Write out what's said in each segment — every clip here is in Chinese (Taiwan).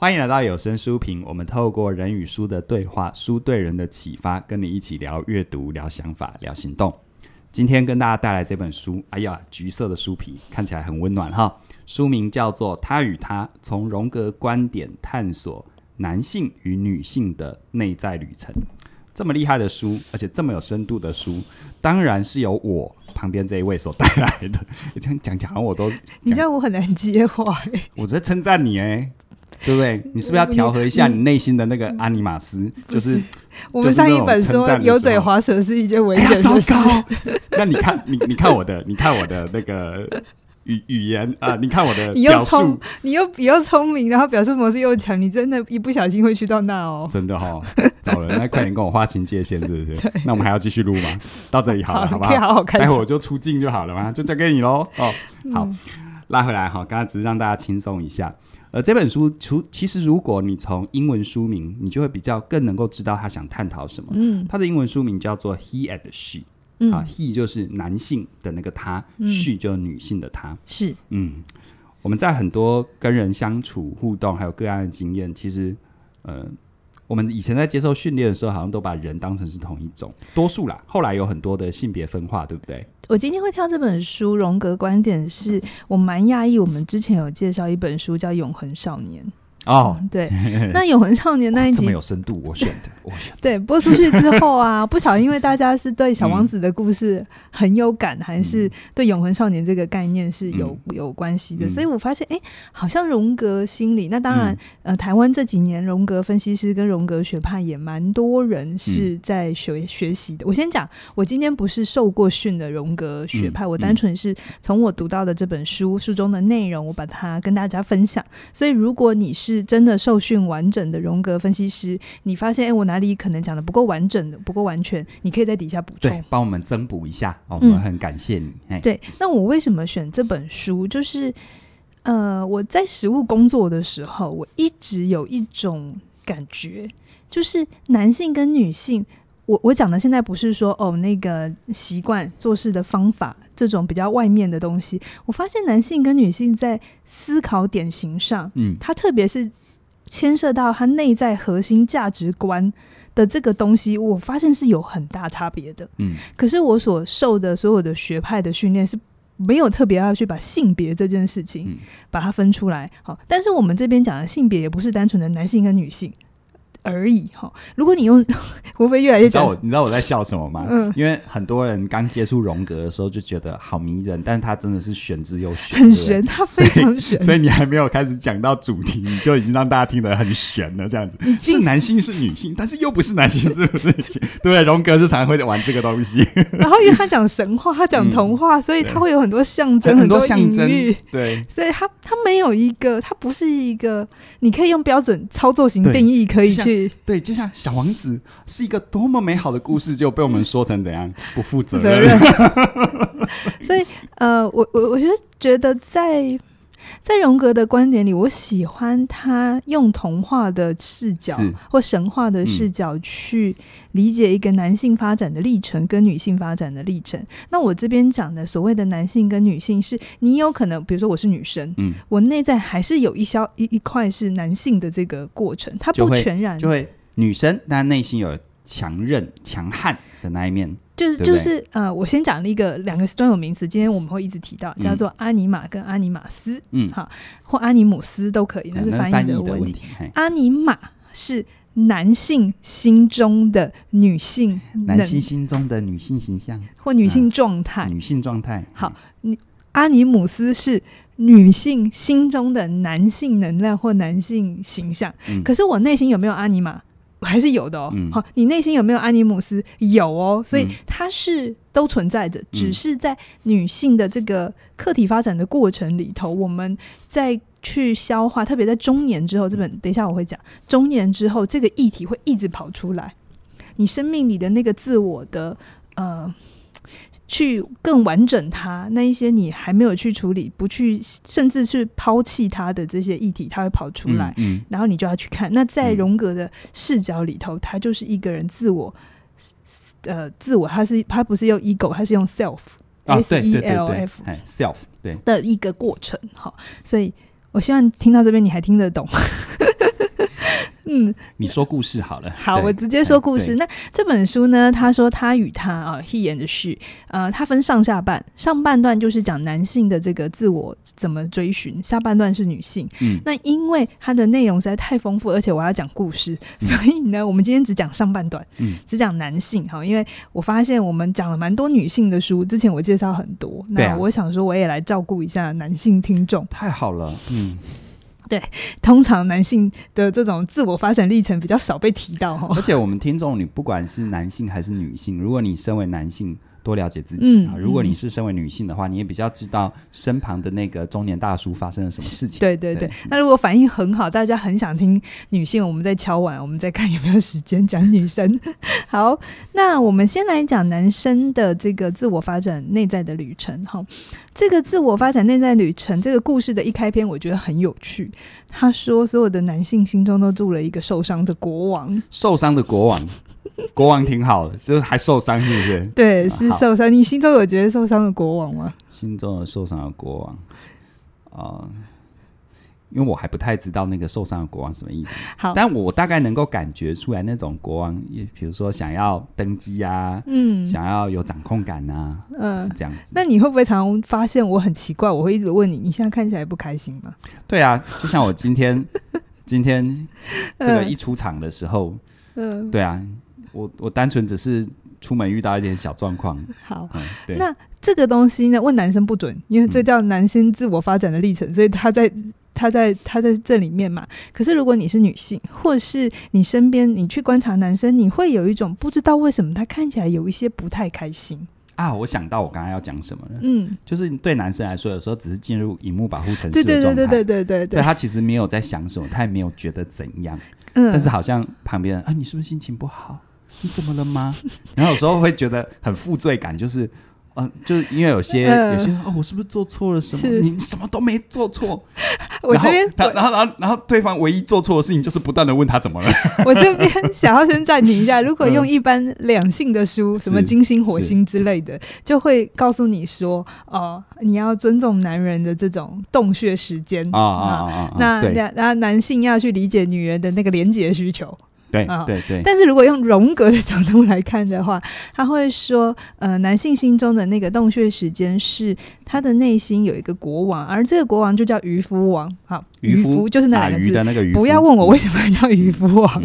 歡迎來到有聲書評。我們透過人與書的對話，書對人的啟發，跟你一起聊閱讀、聊想法、聊行動。今天跟大家帶來這本書，哎呀，橘色的書皮看起來很溫暖哈。書名叫做《他與她：從榮格觀點探索男性與女性的內在旅程》。這麼厲害的書，而且這麼有深度的書，當然是由我旁邊這一位所帶來的。這樣講講，我都講。你這樣我很難接話誒。我在稱讚你誒。對不對？你是不是要調和一下你內心的那個阿尼瑪斯？就是我們上一本說油嘴滑舌是一件危險的事。那你看，你你看我的，你看我的那個語語言啊，你看我的表述，你又比較聰明，然後表述模式又強，你真的，一不小心會去到那哦。真的哦，找了，那快點跟我劃清界限，是不是？那我們還要繼續錄嗎？到這裡好了。好吧，待會我就出鏡就好了嘛，就交給你嘍。哦，好，拉回來哈，剛才只是讓大家輕鬆一下。呃，這本書除其實，如果你從英文書名，你就會比較更能夠知道他想探討什麼。嗯，他的英文書名叫做《He and She》，嗯，啊，嗯，He 就是男性的那個他，She，嗯，就是女性的她。嗯、是，嗯，我們在很多跟人相處、互動還有個案的經驗，其實，嗯、呃。我們以前在接受訓練的時候，好像都把人當成是同一種多數啦。後來有很多的性別分化，對不對？我今天會挑這本書，榮格觀點是我蠻訝異。我們之前有介紹一本書叫《永恆少年》。哦、嗯，對，那《永恆少年》那一集這麼有深度，我選的，我選的。對，播出去之後啊， 不曉得，因為大家是對小王子的故事很有感，嗯、還是對《永恆少年》這個概念是有、嗯、有關係的，嗯、所以我發現，哎、欸，好像榮格心理。那當然，嗯、呃，台灣這幾年榮格分析師跟榮格學派也蠻多人是在學、嗯、學習的。我先講，我今天不是受過訓的榮格學派，嗯、我單純是從我讀到的這本書書中的內容，我把它跟大家分享。所以，如果你是是真的受訓完整的榮格分析師，你發現哎、欸，我哪裡可能講的不夠完整、不夠完全？你可以在底下補充，幫我們增補一下、哦、嗯、我們很感謝你。哎，對，那我為什麼選這本書？就是呃，我在實務工作的時候，我一直有一種感覺，就是男性跟女性，我我講的現在不是說哦，那個習慣做事的方法。這種比較外面的東西，我發現男性跟女性在思考典型上，嗯，他特別是牽涉到他內在核心價值觀的這個東西，我發現是有很大差別的，嗯。可是我所受的所有的學派的訓練是沒有特別要去把性別這件事情把它分出來，好，嗯。但是我們這邊講的性別也不是單純的男性跟女性而已哈！如果你用，無非越來越講。你知道我你知道我在笑什麼嗎？嗯，因為很多人剛接觸榮格的時候就覺得好迷人，但是他真的是玄之又玄，很玄，他非常玄。所以你還沒有開始講到主題，你就已經讓大家聽得很玄了這樣子。是男性是女性，但是又不是男性，是不是女性？對，榮格是常常會在玩這個東西。然後因為他講神話，他講童話，所以他會有很多象徵，很多隱喻。對，所以他他沒有一個，他不是一個你可以用標準操作型定義可以去。對，就像《小王子》是一個多麼美好的故事，就被我們說成怎樣不負責任？所以，呃，我我我就覺得在。在榮格的觀點裡，我喜歡他用童話的視角或神話的視角去理解一個男性發展的歷程跟女性發展的歷程。嗯、那我這邊講的所謂的男性跟女性是，是你有可能，比如說我是女生，嗯，我內在還是有一小一一塊是男性的這個過程，它不全然就會，就會女生，但內心有強韌、強悍的那一面。就是對對就是呃，我先講了一個兩個專有名詞，今天我們會一直提到，叫做阿尼瑪跟阿尼瑪斯，嗯，好，或阿尼姆斯都可以，那、嗯、是翻譯的問題。阿尼瑪是男性心中的女性能，男性心中的女性形象或女性狀態，啊、女性狀態。好，阿尼姆斯是女性心中的男性能量或男性形象。嗯、可是我內心有沒有阿尼瑪？還是有的哦，嗯、好，你內心有沒有安尼姆斯？有哦，所以它是都存在着，嗯、只是在女性的這個客體發展的過程裡頭，嗯、我們在去消化，特別在中年之後，這本等一下我會講，中年之後這個議題會一直跑出來，你生命裡的那個自我的呃。去更完整他那一些你還沒有去處理、不去甚至是拋棄他的這些議題，他會跑出來，嗯嗯、然後你就要去看。那在榮格的視角裡頭，嗯、他就是一個人自我呃自我，他是他不是用 ego，他是用 self，self，self、啊 e、對，對，對，對的一個過程哈。所以我希望聽到這邊你還聽得懂。 嗯，你說故事好了。好，對我直接說故事。那這本書呢，他說他與她啊、uh，he and she。呃，他分上下半，上半段就是講男性的這個自我怎麼追尋，下半段是女性。嗯。那因為它的內容實在太豐富，而且我要講故事，嗯、所以呢，我們今天只講上半段，嗯、只講男性哈、哦。因為我發現我們講了蠻多女性的書，之前我介紹很多。對。那我想說，我也來照顧一下男性聽眾。嗯、太好了，嗯。對，通常男性的這種自我發展歷程比較少被提到哈。而且我們聽眾，你不管是男性還是女性，如果你身為男性多了解自己啊，嗯、如果你是身為女性的話，你也比較知道身旁的那個中年大叔發生了什麼事情。對對對，對，那如果反應很好，大家很想聽女性，我們再敲碗，我們再看有沒有時間講女生。好，那我們先來講男生的這個自我發展內在的旅程哈。這個自我發展內在旅程，這個故事的一開篇，我覺得很有趣。他說，所有的男性心中都住了一個受傷的國王。受傷的國王， 國王挺好的， 就是還受傷，是不是？對，是受傷。啊，你心中有覺得受傷的國王嗎？心中有受傷的國王啊。呃因為我還不太知道那個受傷的國王什麼意思，好，但我大概能夠感覺出來那種國王，也比如說想要登基啊，嗯，想要有掌控感吶，嗯，是這樣子。那你會不會常常發現我很奇怪，我會一直問你，你現在看起來不開心嗎？對啊，就像我今天今天這個一出場的時候，嗯，對啊，我我單純只是出門遇到一點小狀況。好，嗯，對，那這個東西呢，問男生不準，因為這叫男生自我發展的歷程，所以他在。他在他在這裡面嘛，可是如果你是女性，或是你身邊你去觀察男生，你會有一種不知道為什麼他看起來有一些不太開心啊。我想到我剛剛要講什麼了，嗯，就是對男生來說，有時候只是進入螢幕保護程式的狀態。對對對對對對對，對他其實沒有在想什麼，他也沒有覺得怎樣，嗯，但是好像旁邊人，啊，你是不是心情不好？你怎麼了嗎？然後有時候會覺得很負罪感，就是。嗯，就是因為有些、呃、有些哦，我是不是做錯了什麼？是你什麼都沒做錯，我這邊，然後然後然後然後對方唯一做錯的事情就是不斷的問他怎麼了。我這邊想要先暫停一下，如果用一般兩性的書，呃、什麼金星火星之類的，就會告訴你說哦、呃，你要尊重男人的這種洞穴時間啊，啊，啊，啊，啊，啊那那那男性要去理解女人的那個連結需求。對啊，對對、哦。但是如果用榮格的角度來看的話，他會說，呃，男性心中的那個洞穴時間是他的內心有一個國王，而這個國王就叫漁夫王。好、哦，漁夫，漁夫就是那兩個字。個不要問我為什麼要叫漁夫王，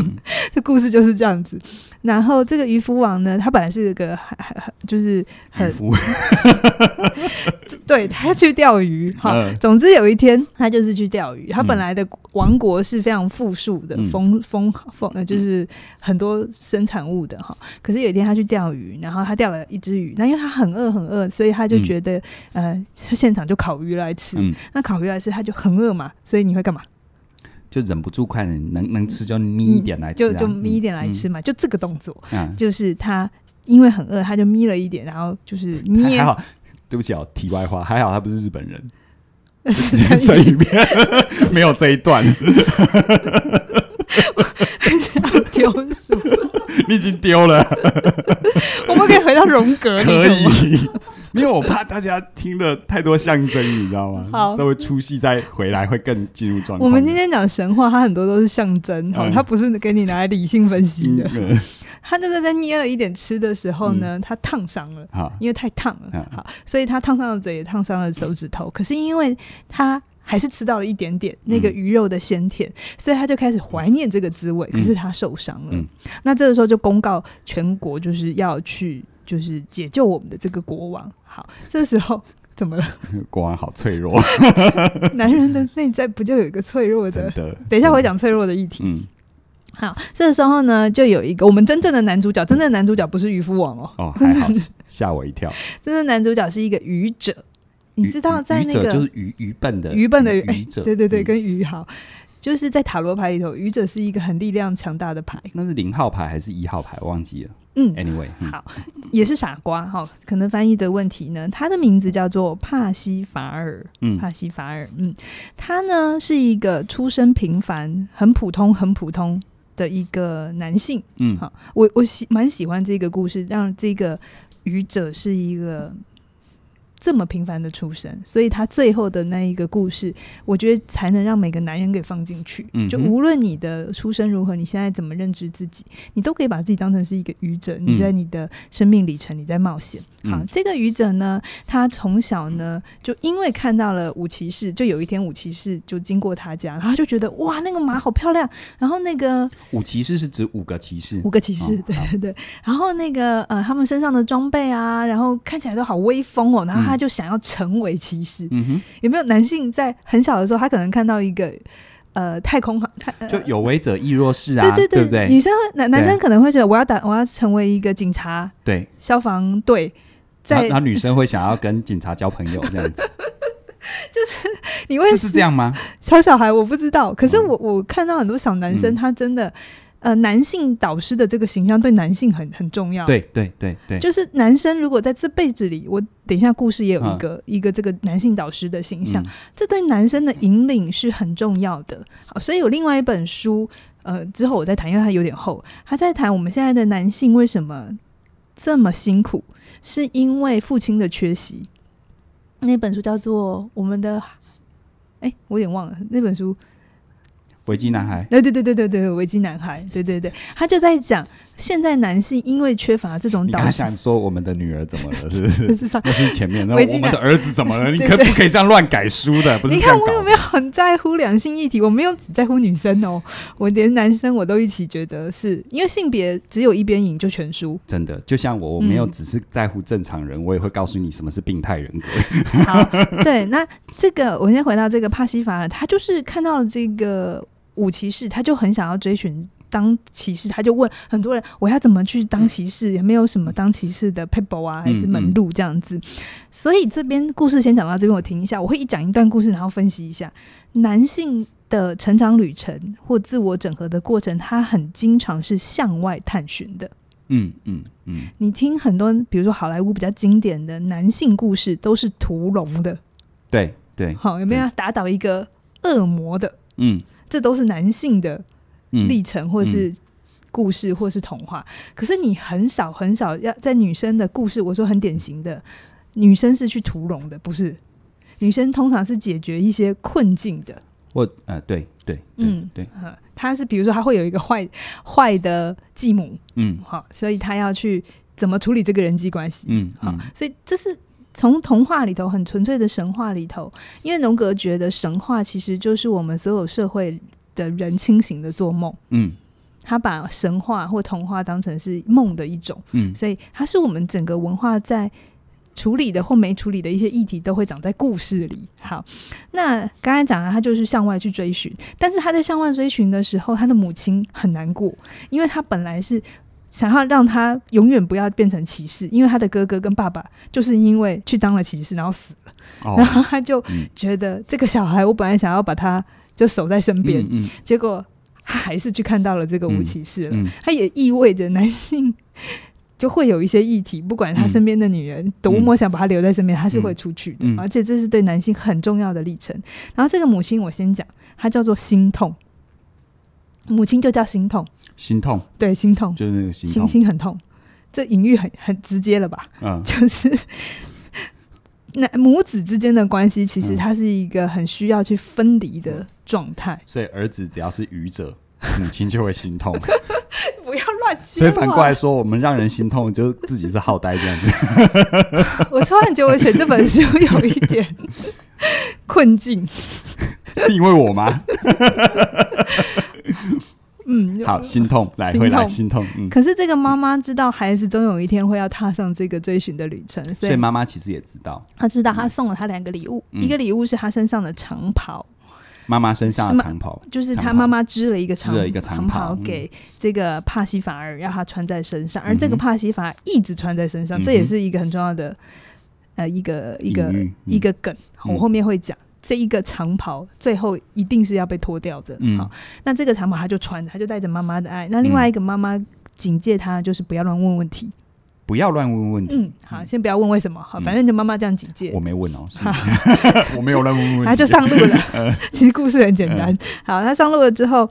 這、嗯、故事就是這樣子。然後這個漁夫王呢，他本來是一個很很、啊、就是很，漁夫 對他去釣魚。好、哦，嗯、總之有一天他就是去釣魚。他本來的王國是非常富庶的，豐豐豐，就是就是很多生產物的哈，可是有一天他去釣魚，然後他釣了一隻魚，那因為他很餓很餓，所以他就覺得、嗯、呃，他現場就烤魚來吃。嗯、那烤魚來吃，他就很餓嘛，所以你會幹嘛？就忍不住看能能吃就眯一點來吃、啊嗯，就眯一點來吃嘛，嗯嗯、就這個動作。嗯，就是他因為很餓，他就眯了一點，然後就是捏。還好，對不起哦，題外話，還好他不是日本人，沒有這一段。 丟你已經丟了。我們可以回到榮格，可以，因為我怕大家聽了太多象徵，你知道嗎？稍微出戲再回來會更進入狀態。我們今天講神話，它很多都是象徵，好，它不是給你拿來理性分析的。他就是在捏了一點吃的時候呢，他燙傷了，因為太燙了，好，所以他燙傷了嘴，也燙傷了手指頭。可是因為，他。還是吃到了一點點那個魚肉的鮮甜，嗯、所以他就開始懷念這個滋味。嗯、可是他受傷了，嗯、那這個時候就公告全國，就是要去，就是解救我們的這個國王。好，這個、時候怎麼了？國王好脆弱， 男人的內在不就有一個脆弱的？真的。等一下，我講脆弱的議題。嗯，好，這個時候呢，就有一個我們真正的男主角，嗯、真正的男主角不是漁夫王哦，哦，還好，嚇 我一跳。真正的男主角是一個愚者。你知道在那個就是愚愚笨、愚笨的、愚笨的愚者，欸、對對對，愚跟愚，好，就是在塔羅牌裡頭，愚者是一個很力量強大的牌。那是零號牌還是一號牌？忘記了。嗯，Anyway，嗯，好，也是傻瓜哈、哦。可能翻譯的問題呢，他的名字叫做帕西法爾。嗯，帕西法爾。嗯，他呢是一個出身平凡、很普通、很普通的一個男性。嗯，好、哦，我我喜蠻喜歡這個故事，讓這個愚者是一個。這麼平凡的出身，所以他最後的那一個故事，我覺得才能讓每個男人給放進去。嗯、哼就無論你的出身如何，你現在怎麼認知自己，你都可以把自己當成是一個愚者。你在你的生命里程，你在冒險。嗯好、啊，這個愚者呢，他從小呢就因為看到了五騎士，就有一天五騎士就經過他家，然後就覺得哇，那個馬好漂亮。然後那個五騎士是指五個騎士，五個騎士，哦、對對對。然後那個呃，他們身上的裝備啊，然後看起來都好威風哦。然後他就想要成為騎士。嗯哼，有沒有男性在很小的時候，他可能看到一個呃太空，呃、就有為者亦若是啊，對對對，對不對？女生男男生可能會覺得我要打，對我要成為一個警察，對，消防隊。那，在他他女生會想要跟警察交朋友，這樣子。 就是你問，是這樣嗎？小小孩我不知道，是是，可是我我看到很多小男生，他真的，嗯嗯、呃，男性導師的這個形象對男性很很重要。對對對對，對對對，就是男生如果在這輩子裡，我等一下故事也有一個、嗯、一個這個男性導師的形象，嗯、這對男生的引領是很重要的。好，所以有另外一本書，呃，之後我再談，因為它有點厚。他在談我們現在的男性為什麼。這麼辛苦，是因為父親的缺席。那本書叫做《我們的》，哎，我有點忘了那本書。危機男孩。對對對對對對，危機男孩。對對對，他就在講。現在男性因為缺乏這種導向，說我們的女兒怎麼了？是不是？那 是前面那我們的兒子怎麼了？你可不可以這樣亂改書的？不是的 你看我有沒有很在乎兩性議題？我沒有只在乎女生哦，我連男生我都一起覺得是，是因為性別只有一邊贏就全輸。真的，就像我，我沒有只是在乎正常人，我也會告訴你什麼是病態人格。 好，對，那這個我先回到這個帕西法爾，他就是看到了這個五騎士，他就很想要追尋。當騎士，他就問很多人：“我要怎麼去當騎士？也沒有什麼當騎士的撇步啊？還是門路這樣子？”嗯嗯、所以這邊故事先講到這邊，我停一下，我會講一,一段故事，然後分析一下男性的成長旅程或自我整合的過程，他很經常是向外探尋的。嗯嗯嗯。嗯嗯，你聽很多，比如說好萊塢比較經典的男性故事，都是屠龍的。對對。對好，對有沒有打倒一個惡魔的？嗯，這都是男性的。歷程，或者是故事，或是童話。嗯嗯、可是你很少很少要在女生的故事，我說很典型的女生是去屠龍的，不是，女生通常是解決一些困境的。我呃，對對，嗯，對，她、嗯呃、是比如說她會有一個壞壞的繼母，嗯，好、哦，所以她要去怎麼處理這個人際關係，嗯，好、嗯哦，所以這是從童話裡頭很純粹的神話裡頭，因為榮格覺得神話其實就是我們所有社會。的人清醒的做夢，嗯，他把神話或童話當成是夢的一種，嗯，所以它是我們整個文化在處理的或沒處理的一些議題，都會長在故事裡。好，那剛才講了，他就是向外去追尋，但是他在向外追尋的時候，他的母親很難過，因為他本來是想要讓他永遠不要變成騎士，因為他的哥哥跟爸爸就是因為去當了騎士然後死了，哦，然後他就覺得，嗯，這個小孩，我本來想要把他。.就守在身邊，嗯嗯、結果他還是去看到了這個無歧視了。嗯嗯、他也意味着男性就會有一些議題，不管他身邊的女人、嗯、多麼想把他留在身邊，嗯、他是會出去的。嗯嗯、而且這是對男性很重要的歷程。然後這個母親，我先講，她叫做心痛，母親就叫心痛，心痛，對，心痛，就是那個心心，心很痛，這隱喻很很直接了吧？嗯、啊，就是。那母子之間的關係，其實它是一個很需要去分離的狀態，嗯。所以兒子只要是愚者，母親就會心痛。 不要亂。所以反過來說，我們讓人心痛，就自己是好呆這樣子。 我突然覺得我選這本書有一點困境，是因為我嗎？ 嗯，好，心痛，來回來，心痛。可是這個媽媽知道孩子總有一天會要踏上這個追尋的旅程，所以媽媽其實也知道。她知道，她送了他兩個禮物，一個禮物是她身上的長袍，媽媽身上的長袍，就是他媽媽織了一個長一個長袍給這個帕西法爾，要他穿在身上。而這個帕西法爾一直穿在身上，這也是一個很重要的，呃，一個一個一個梗，我後面會講。這一個長袍最後一定是要被脫掉的，嗯、好，那這個長袍他就穿着，他就帶着媽媽的愛。那另外一個媽媽警戒他，就是不要亂問問題，嗯、不要亂問問，問題。嗯，好，先不要問為什麼，好，反正就媽媽這樣警戒。嗯、好我沒問哦，是好 我沒有亂問問題。他就上路了， 其實故事很簡單。 嗯、好，他上路了之後，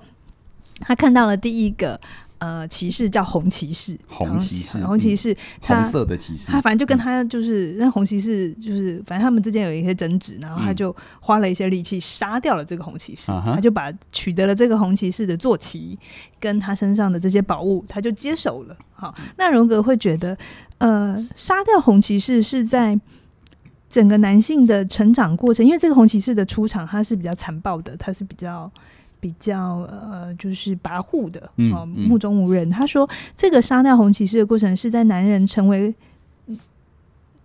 他看到了第一個。呃，騎士叫紅騎士，紅騎士，然後，嗯、紅騎士他，紅色的騎士，他反正就跟他就是那、嗯、紅騎士，就是反正他們之間有一些爭執，然後他就花了一些力氣殺掉了這個紅騎士，嗯、他就把取得了這個紅騎士的坐騎跟他身上的這些寶物，他就接手了。好，那榮格會覺得，呃，殺掉紅騎士是在整個男性的成長過程，因為這個紅騎士的出場他是比較殘暴的，他是比較。比較呃，就是跋扈的，哦、嗯，嗯，目中無人。他說：“這個殺掉紅騎士的過程，是在男人成為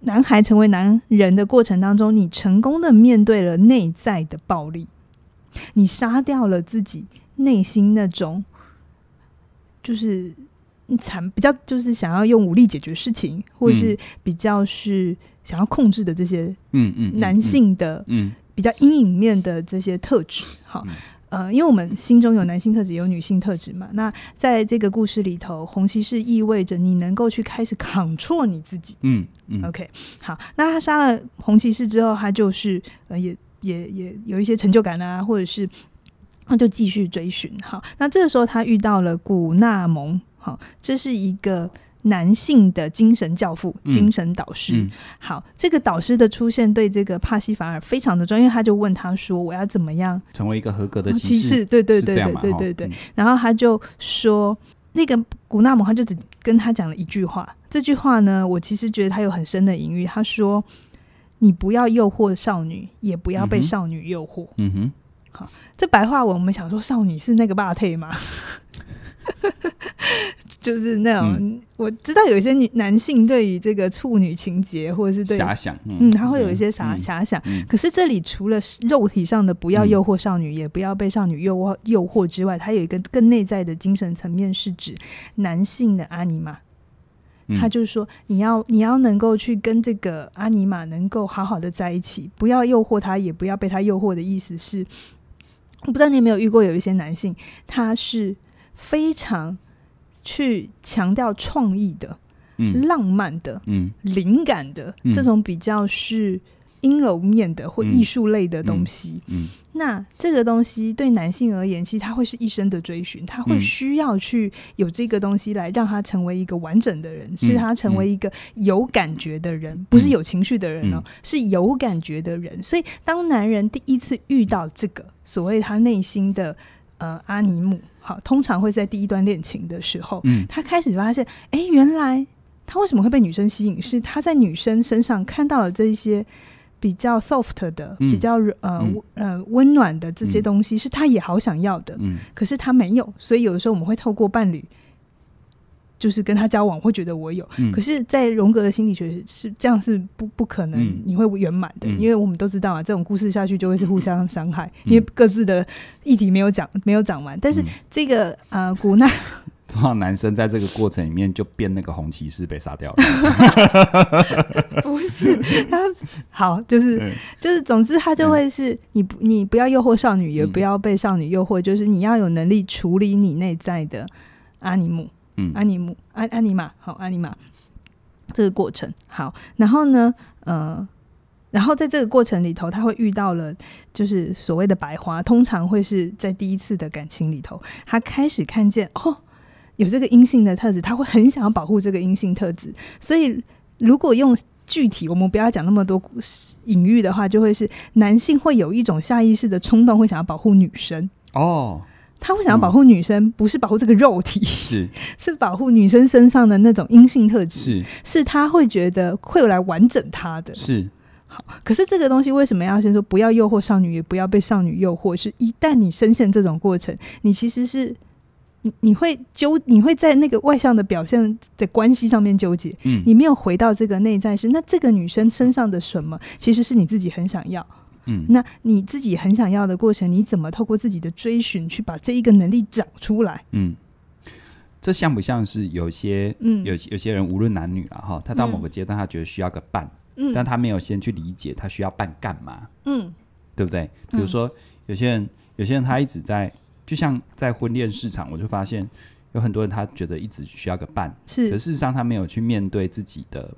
男孩、成為男人的過程當中，你成功的面對了內在的暴力，你殺掉了自己內心那種就是殘，比較就是想要用武力解決事情，或是比較是想要控制的這些，嗯嗯，男性的嗯，嗯嗯嗯比較陰影面的這些特質。哦”好、嗯。呃，因為我們心中有男性特質，有女性特質嘛。那在這個故事裡頭，紅騎士意味着你能夠去開始 control 你自己。嗯，嗯，OK，好。那他殺了紅騎士之後，他就是呃，也也也有一些成就感啊，或者是那就繼續追尋。好，那這個時候他遇到了古納蒙。好，這是一個。男性的精神教父、精神導師。嗯嗯、好，這個導師的出現對這個帕西凡爾非常的重要，因為他就問他說：“我要怎麼樣成為一個合格的騎士、啊其實？”對對對對對對對，對，對。嗯、然後他就說，那個古納姆他就只跟他講了一句話，這句話呢，我其實覺得他有很深的隱喻。他說：“你不要誘惑少女，也不要被少女誘惑。嗯”嗯哼。好，這白話文我們想說，少女是那個巴特嗎？ 就是那種、嗯、我知道有一些女男性對於這個處女情結或者是遐想，嗯，他會有一些遐遐、嗯、想。嗯、可是這裡除了肉體上的不要誘惑少女，嗯、也不要被少女誘惑誘惑之外，他有一個更內在的精神層面，是指男性的阿尼瑪。他就是說你，你要你要能夠去跟這個阿尼瑪能夠好好的在一起，不要誘惑他，也不要被他誘惑的意思是，我不知道你有沒有遇過有一些男性，他是。非常去強調創意的、嗯浪漫的、嗯靈感的、嗯、這種比較是陰柔面的或藝術類的東西。嗯，嗯嗯那這個東西對男性而言，其實他會是一生的追尋，他會需要去有這個東西來讓他成為一個完整的人，是、嗯、他成為一個有感覺的人，嗯、不是有情緒的人哦，嗯、是有感覺的人。所以，當男人第一次遇到這個所謂他內心的呃阿尼姆。好，通常會在第一段戀情的時候，他開始發現，哎、欸，原來他為什麼會被女生吸引，是他在女生身上看到了這一些比較 soft 的、比較呃呃溫暖的這些東西，是他也好想要的，可是他沒有，所以有的時候我們會透過伴侶。就是跟他交往，會覺得我有。嗯、可是，在榮格的心理學是這樣，是不不可能你會圓滿的，嗯、因為我們都知道啊，這種故事下去就會是互相傷害，嗯、因為各自的議題沒有講，嗯、沒有講完。但是這個、嗯、呃，古納，多少男生在這個過程裡面就變那個紅騎士被殺掉了？ 不是他好，就是、嗯、就是，總之他就會是你，你不要誘惑少女，嗯、也不要被少女誘惑，就是你要有能力處理你內在的阿尼姆。嗯，安尼姆安安尼瑪好，安尼瑪這個過程好，然後呢，呃，然後在這個過程裡頭，他會遇到了，就是所謂的白花，通常會是在第一次的感情裡頭，他開始看見哦，有這個陰性的特質，他會很想要保護這個陰性特質，所以如果用具體，我們不要講那麼多隱喻，的話，就會是男性會有一種下意識的衝動，會想要保護女生哦。他會想要保護女生，嗯，不是保護這個肉體，是是保護女生身上的那種陰性特質，是，是他會覺得會有來完整她的是好，可是這個東西為什麼要先說不要誘惑少女，也不要被少女誘惑？是，一旦你深陷這種過程，你其實是你你會糾，你會在那個外向的表現的關係上面糾結，嗯，你沒有回到這個內在是那這個女生身上的什麼其實是你自己很想要。嗯，那你自己很想要的過程，你怎麼透過自己的追尋去把這一個能力長出來？嗯，這像不像是有些，嗯，有有些人、嗯、無論男女了哈，他到某個階段他覺得需要個伴，嗯，但他沒有先去理解他需要伴幹嘛，嗯，對不對？比如說有些人，有些人他一直在，就像在婚戀市場，我就發現有很多人他覺得一直需要個伴，是，可是事實上他沒有去面對自己的。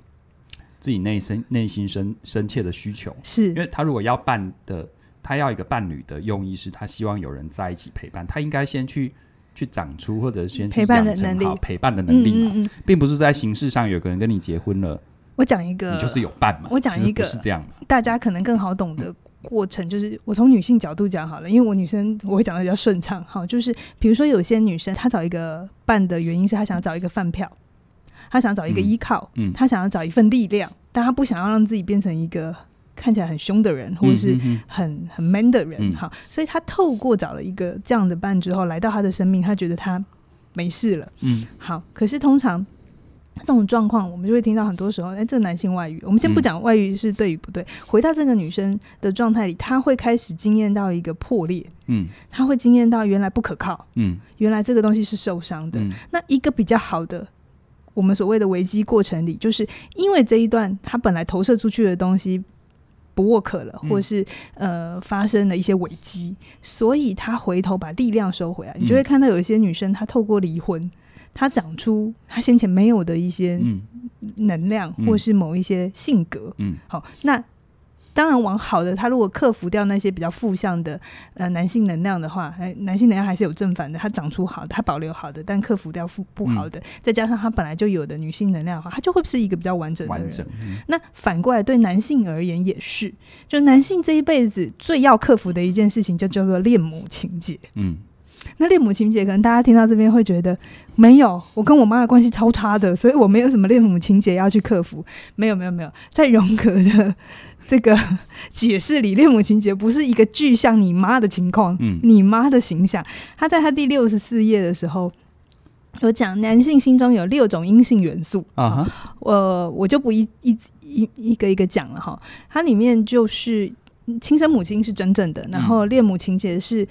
自己內心內心深深切的需求，是因為他如果要伴的，他要一個伴侶的用意是，他希望有人在一起陪伴，他應該先去去長出或者先去培養的能力，陪伴的能力嘛，嗯嗯嗯，並不是在形式上有個人跟你結婚了。嗯、你我講一個，就是有伴嘛。我講一個，是這樣。大家可能更好懂的過程，就是我從女性角度講好了，嗯、因為我女生我會講的比較順暢。好，就是比如說有些女生她找一個伴的原因是她想找一個飯票。他想找一個依靠，嗯嗯、他想要找一份力量，但他不想要讓自己變成一個看起來很兇的人，或者是很、嗯嗯嗯、很 man 的人哈、嗯嗯。所以，他透過找了一個這樣的伴之後，來到他的生命，他覺得他沒事了。嗯，好。可是，通常這種狀況，我們就會聽到很多時候，哎、欸，這個、男性外遇我們先不講外遇，是對與不對。回到這個女生的狀態裡，他會開始經驗到一個破裂，嗯，他會經驗到原來不可靠，嗯，原來這個東西是受傷的。嗯、那一個比較好的。我們所謂的危機過程裡，就是因為這一段他本來投射出去的東西不 work 了，或是呃發生了一些危機，所以他回頭把力量收回來。你就會看到有一些女生，她透過離婚，她長出她先前沒有的一些能量，或是某一些性格。嗯，好，那。當然，往好的，他如果克服掉那些比較負向的呃、男性能量的話，男性能量還是有正反的。他長出好的，他保留好的，但克服掉負不好的，嗯、再加上他本來就有的女性能量的話，他就會是一個比較完整的人。嗯、那反過來對男性而言也是，就男性這一輩子最要克服的一件事情，就叫做戀母情節。嗯，那戀母情節可能大家聽到這邊會覺得，沒有，我跟我媽的關係超差的，所以我沒有什麼戀母情節要去克服。沒有，沒有，沒有，在榮格的。這個解釋裡，戀母情節不是一個具象你媽的情況，嗯，你媽的形象，他在他第六十四頁的時候有講，男性心中有六種陰性元素啊、嗯嗯哦，我我就不一一一一,一,一,一,一,一,一個一個講了哈，它、哦、裡面就是親生母親是真正的，嗯、然後戀母情節是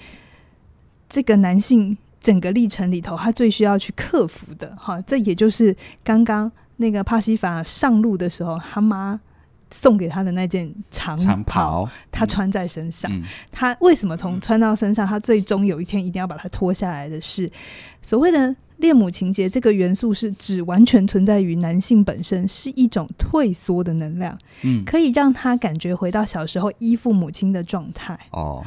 這個男性整個歷程裡頭他最需要去克服的，哈、哦，這也就是剛剛那個帕西法上路的時候他媽。送給他的那件長袍，長袍他穿在身上。嗯、他為什麼從穿到身上？他最終有一天一定要把它脫下來的是，嗯、所謂的戀母情結這個元素，是指完全存在於男性本身，是一種退縮的能量，嗯、可以讓他感覺回到小時候依附母親的狀態哦。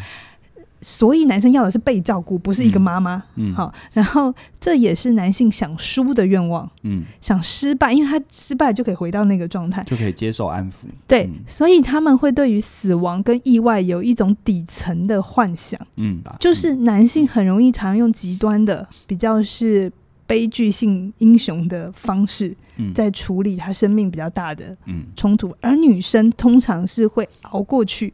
所以男生要的是被照顧，不是一個媽媽。嗯，嗯好，然後這也是男性想輸的願望。嗯，想失敗，因為他失敗就可以回到那個狀態，就可以接受安撫。對，嗯、所以他們會對於死亡跟意外有一種底層的幻想。嗯，就是男性很容易常用極端的、嗯、比較是悲劇性英雄的方式，嗯、在處理他生命比較大的嗯衝突，嗯、而女生通常是會熬過去、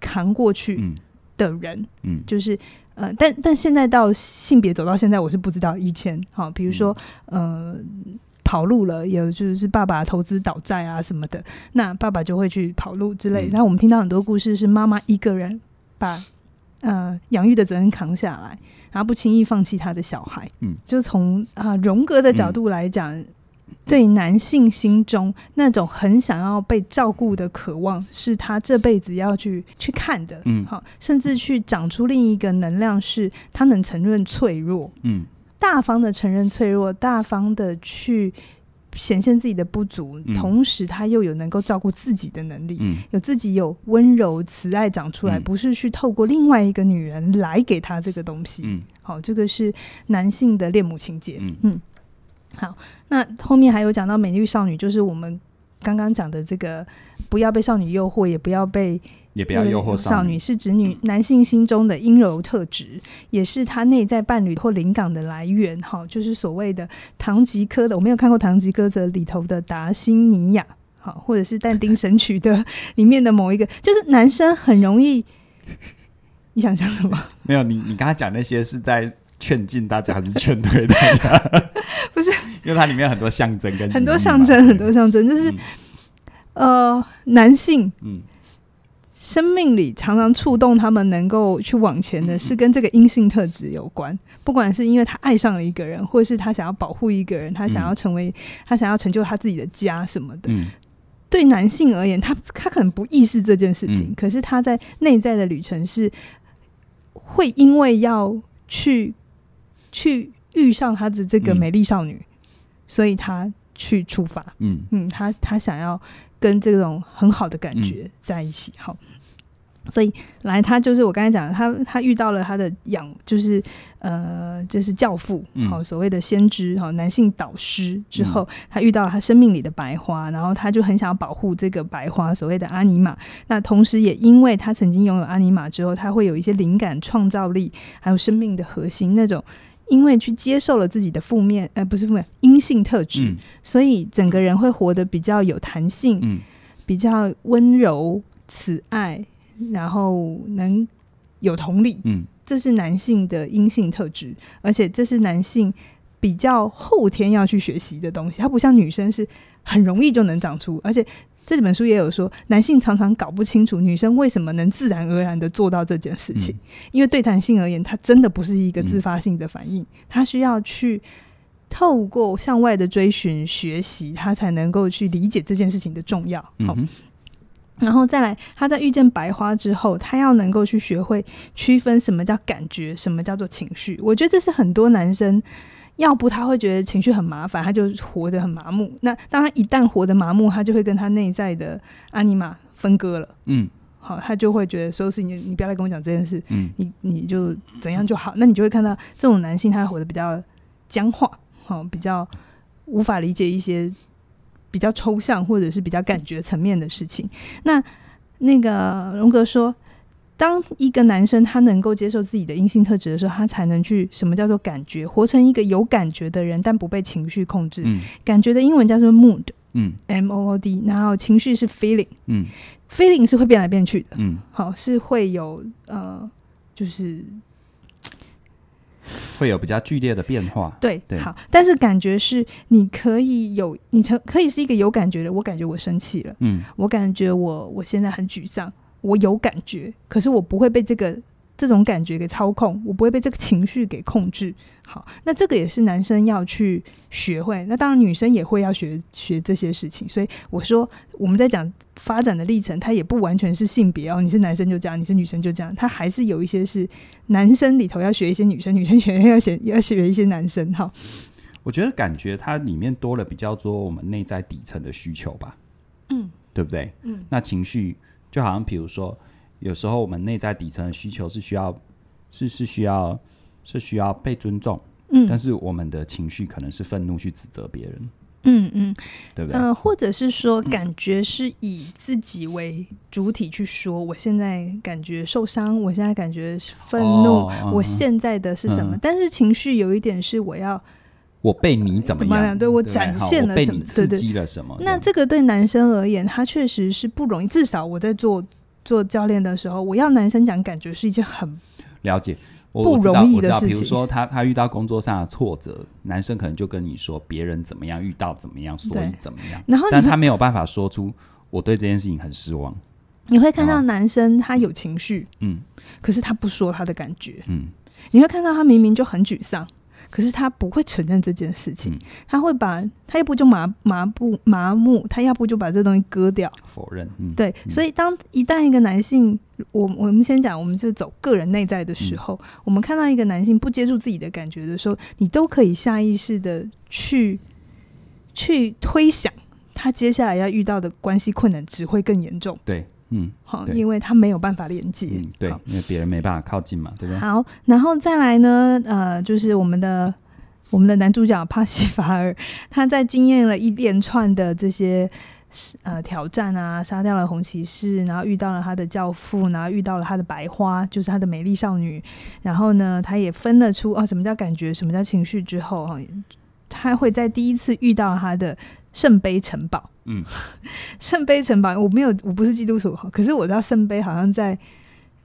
扛過去。嗯。的人，嗯，就是呃，但但現在到性別走到現在，我是不知道以前，好、哦，比如說呃，跑路了，也就是爸爸投資倒債啊，什麼的，那爸爸就會去跑路之類。然後、嗯、我們聽到很多故事是媽媽一個人把呃養育的責任扛下來，然後不輕易放棄他的小孩。嗯，就從啊榮格的角度來講。嗯對男性心中那種很想要被照顧的渴望，是他這輩子要去去看的。嗯，好，甚至去長出另一個能量，是他能承認脆弱。嗯，大方的承認脆弱，大方的去顯現自己的不足，嗯、同時他又有能夠照顧自己的能力，嗯、有自己有溫柔慈愛長出來，嗯、不是去透過另外一個女人來給他這個東西。嗯，好，這個是男性的戀母情結。嗯嗯。嗯好，那後面還有講到美麗少女，就是我們剛剛講的這個，不要被少女誘惑，也不要被也不要誘惑少女，是指女男性心中的陰柔特質，嗯、也是他內在伴侶或靈感的來源。哈，就是所謂的唐吉訶德，我沒有看過唐吉訶德裡頭的達西尼亞，好，或者是但丁神曲的裡面的某一個， 就是男生很容易。 你想講什麼？沒有，你你剛才講那些是在。勸進大家還是勸退大家？ 不是，因為它裡面有很多象徵跟很多象徵，對很多象徵就是、嗯、呃，男性嗯，生命裡常常觸動他們能夠去往前的，是跟這個陰性特質有關。嗯、不管是因為他愛上了一個人，或是他想要保護一個人，他想要成為，嗯、他想要成就他自己的家什麼的。嗯、對男性而言，他他可能不意識這件事情，嗯、可是他在內在的旅程是會因為要去。去遇上他的這個美麗少女，嗯、所以他去出發，嗯嗯，他他想要跟這種很好的感覺在一起，嗯、好，所以來他就是我剛才講的，他他遇到了他的養，就是呃，就是教父，好、嗯，所謂的先知，好，男性導師之後，他遇到了他生命裡的白花，然後他就很想要保護這個白花，所謂的阿尼瑪，那同時也因為他曾經擁有阿尼瑪之後，他會有一些靈感、創造力，還有生命的核心那種。因為去接受了自己的負面，哎、呃，不是負面，陰性特質，嗯、所以整個人會活得比較有彈性，嗯、比較溫柔、慈愛，然後能有同理，嗯、這是男性的陰性特質，而且這是男性比較後天要去學習的東西，它不像女生是很容易就能長出，而且。這本書也有說，男性常常搞不清楚女生為什麼能自然而然的做到這件事情，嗯、因為對男性而言，他真的不是一個自發性的反應，他、嗯、需要去透過向外的追尋、學習，他才能夠去理解這件事情的重要。好、嗯哼哦，然後再來，他在遇見白花之後，他要能夠去學會區分什麼叫感覺，什麼叫做情緒。我覺得這是很多男生。要不他會覺得情緒很麻煩，他就活得很麻木。那當他一旦活得麻木，他就會跟他內在的阿尼瑪分割了。嗯，好、哦，他就會覺得說是你，你不要再跟我講這件事。嗯，你你就怎樣就好。那你就會看到這種男性，他活得比較僵化，好、哦，比較無法理解一些比較抽象或者是比較感覺層面的事情。那那個榮格說，當一個男生他能夠接受自己的陰性特質的時候，他才能去什麼叫做感覺，活成一個有感覺的人，但不被情緒控制。嗯，感覺的英文叫做 mood，嗯，m o o d，然後情緒是 feeling，嗯，feeling 是會變來變去的，嗯，好是會有呃，就是會有比較劇烈的變化，對，對，好，但是感覺是你可以有，你成可以是一個有感覺的，我感覺我生氣了，嗯，我感覺我我現在很沮喪。我有感覺，可是我不會被這個這種感覺給操控，我不會被這個情緒給控制。好，那這個也是男生要去學會。那當然，女生也會要學學這些事情。所以我說，我們在講發展的歷程，它也不完全是性別哦。你是男生就這樣，你是女生就這樣，它還是有一些是男生裡頭要學一些女生，女生學要學要學一些男生。哈，我覺得感覺它裡面多了比較多我們內在底層的需求吧。嗯，對不對？嗯，那情緒。就好像，比如說，有時候我們內在底層的需求是需要，是是需要，是需要被尊重。嗯，但是我們的情緒可能是憤怒，去指責別人。嗯嗯，嗯，對不對？嗯、呃，或者是說，感覺是以自己為主體去說，我現在感覺受傷，我現在感覺憤怒，哦嗯、我現在的是什麼？嗯、但是情緒有一點是我要。我被你怎麼樣？呃、怎麼來的，對我展現了什麼？被你刺激了什麼？那這個對男生而言，他確實是不容易。至少我在做做教練的時候，我要男生講，感覺是一件很了解不容易的事情。比如說他，他他遇到工作上的挫折，男生可能就跟你說別人怎麼樣，遇到怎麼樣，對所以怎麼樣。然後，但他沒有辦法說出我對這件事情很失望。你會看到男生他有情緒，嗯，可是他不說他的感覺，嗯，你會看到他明明就很沮喪。可是他不會承認這件事情，他會把，他要不就麻麻木麻木，他要不就把這東西割掉，否認。對，嗯、所以當一旦一個男性，我我們先講，我們就走個人內在的時候，嗯、我們看到一個男性不接觸自己的感覺的時候，你都可以下意識的去去推想，他接下來要遇到的關係困難只會更嚴重。對。嗯，好，因為他沒有辦法連接，嗯、對，好因為別人沒辦法靠近嘛，對不對？好，然後再來呢，呃，就是我們的我們的男主角帕西法爾，他在經驗了一連串的這些呃挑戰啊，殺掉了紅騎士，然後遇到了他的教父，然後遇到了他的白花，就是他的美麗少女，然後呢，他也分得出啊、哦，什麼叫感覺，什麼叫情緒之後，哈、哦，他會在第一次遇到他的。聖杯城堡，嗯，聖杯城堡，我沒有，我不是基督徒，可是我知道聖杯好像在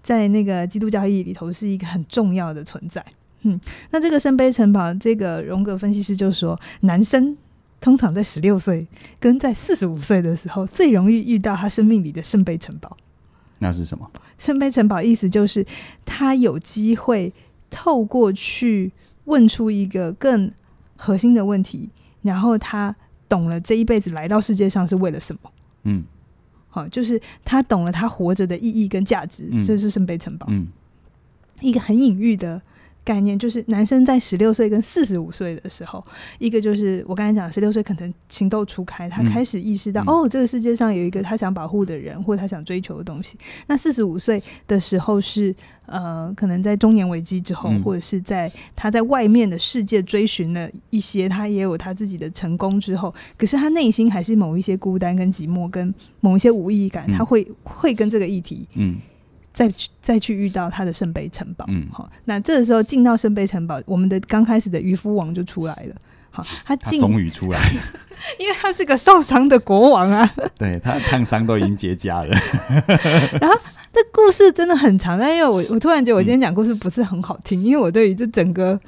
在那個基督教義裡頭是一個很重要的存在，嗯，那這個聖杯城堡，這個榮格分析師就是說，男生通常在十六歲跟在四十五歲的時候最容易遇到他生命裡的聖杯城堡，那是什麼？聖杯城堡意思就是他有機會透過去問出一個更核心的問題，然後他。懂了，這一輩子來到世界上是為了什麼？嗯，好、啊，就是他懂了他活着的意義跟價值，嗯、這是聖杯城堡，嗯、一個很隱喻的。概念就是，男生在十六歲跟四十五歲的時候，一個就是我剛才講的十六歲，可能情竇初開，他開始意識到、嗯嗯、哦，這個世界上有一個他想保護的人，或者他想追求的東西。那四十五歲的時候是呃，可能在中年危機之後，嗯、或者是在他在外面的世界追尋了一些，他也有他自己的成功之後，可是他內心還是某一些孤單跟寂寞，跟某一些無意義感，嗯、他會會跟這個議題嗯。再去再去遇到他的聖杯城堡，好、嗯，那這個時候進到聖杯城堡，我們的剛開始的漁夫王就出來了，好，他進終於出來了， 因為他是個受傷的國王啊，對他燙傷都已經結痂了。 然後這故事真的很長，但因為我我突然覺得我今天講故事不是很好聽，嗯、因為我對於這整個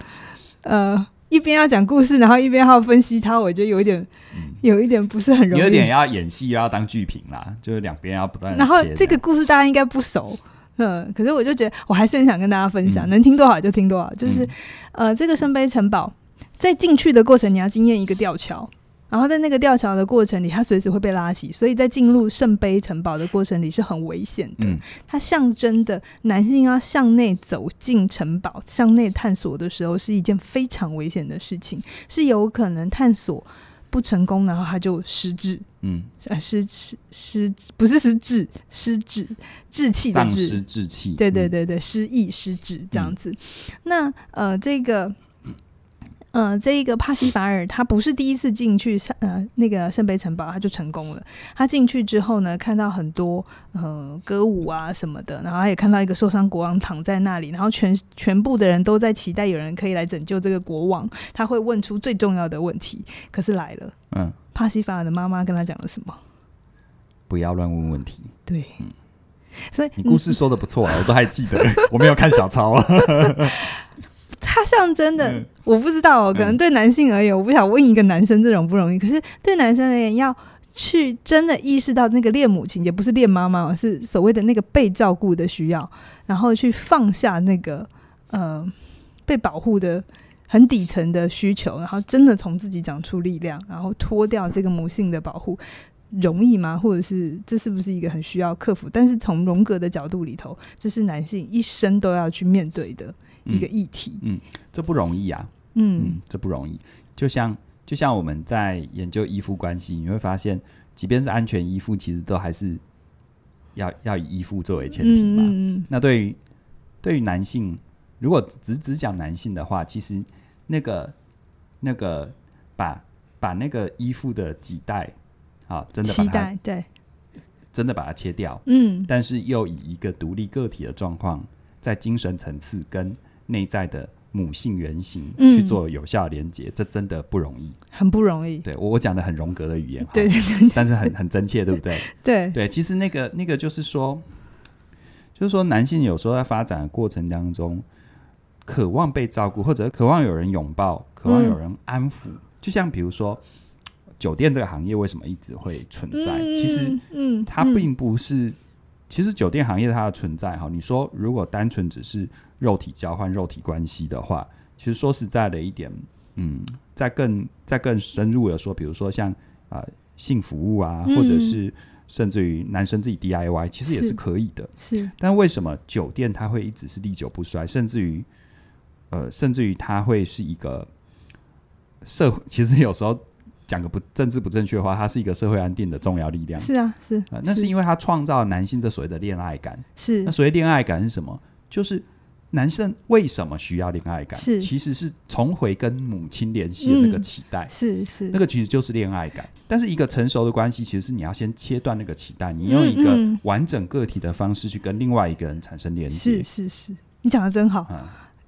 呃一邊要講故事，然後一邊還要分析他，我覺得有一點、嗯、有一點不是很容易，有點要演戲又要當劇評啦，就是兩邊要不斷、啊、然後這個故事大家應該不熟。嗯，可是我就覺得我還是很想跟大家分享，嗯、能聽多少就聽多少。就是，嗯、呃，這個聖杯城堡在進去的過程，你要經驗一個吊橋，然後在那個吊橋的過程裡，它隨時會被拉起，所以在進入聖杯城堡的過程裡是很危險的。嗯、它象徵的男性要向內走進城堡、向內探索的時候，是一件非常危險的事情，是有可能探索不成功，然後他就失智。嗯啊，失失失，不是失志，失志志氣的志，失志、嗯、對對對對，失意失志這樣子。嗯、那呃，這個，呃，這個帕西法爾他不是第一次進去聖呃那個聖杯城堡，他就成功了。他進去之後呢，看到很多呃歌舞啊什麼的，然後他也看到一個受傷國王躺在那裡，然後全全部的人都在期待有人可以來拯救這個國王。他會問出最重要的問題，可是來了，嗯。帕西法的媽媽跟他講了什麼？不要亂問問題。對，嗯、所以你，你故事說得不錯啊，我都還記得。 我沒有看小抄。 他象徵的我不知道，可能對男性而言，我不想問一個男生這種不容易。嗯、可是對男生而言，要去真的意識到那個戀母情結，也不是戀媽媽，而是所謂的那個被照顧的需要，然後去放下那個呃被保護的。很底層的需求，然後真的從自己長出力量，然後脫掉這個母性的保護，容易嗎？或者是這是不是一個很需要克服？但是從榮格的角度裡頭，這是男性一生都要去面對的一個議題。嗯、嗯，這不容易啊。嗯、嗯，這不容易。就像就像我們在研究依附關係，你會發現，即便是安全依附，其實都還是要要以依附作為前提吧。嗯、嗯、嗯，那對於對於男性。如果只只講男性的話，其實那個那個把把那個依附的臍帶啊，真的把它對，真的把它切掉，嗯，但是又以一個獨立個體的狀況，在精神層次跟內在的母性原型、嗯、去做有效連接，這真的不容易，很不容易。對我我講的很榮格的語言，對，但是很很真切，對不對？對對，其實那個那個就是說，就是說男性有時候在發展的過程當中。渴望被照顧，或者渴望有人擁抱，渴望有人安撫。嗯、就像比如說，酒店這個行業為什麼一直會存在？嗯、其實，嗯，它並不是。嗯、其實酒店行業它的存在，哈，你說如果單純只是肉體交換、肉體關係的話，其實說實在的一點，嗯，在更在更深入的說，比如說像啊、呃、性服務啊，或者是甚至於男生自己 DIY，、嗯、其實也是可以的。是，是但為什麼酒店它會一直是歷久不衰，甚至於？呃，甚至於它會是一個社會，其實有時候講個不政治不正確的話，它是一個社會安定的重要力量。是啊，是啊，呃、是，那是因為它創造了男性這所謂的戀愛感。是，那所謂戀愛感是什麼？就是男生為什麼需要戀愛感？是，其實是重回跟母親聯繫的那個期待。嗯、是是，那個其實就是戀愛感。但是一個成熟的關係，其實是你要先切斷那個期待，你用一個完整個體的方式去跟另外一個人產生聯繫，嗯嗯。是是是，你講得真好。嗯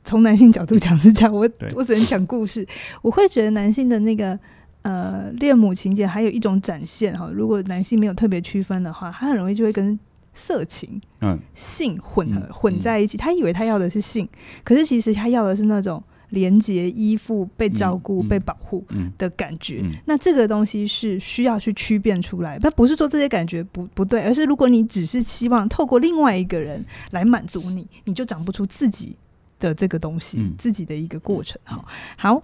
從男性角度講是這樣，我對我只能講故事。我會覺得男性的那個呃戀母情結還有一種展現哈，如果男性沒有特別區分的話，他很容易就會跟色情嗯性混合、嗯、混在一起。他以為他要的是性，嗯、可是其實他要的是那種連結依附、被照顧、嗯、被保護的感覺。嗯嗯、那這個東西是需要去區辨出來的。但不是說這些感覺不不對，而是如果你只是期望透過另外一個人來滿足你，你就長不出自己。的這個東西，自己的一個過程，嗯、好好。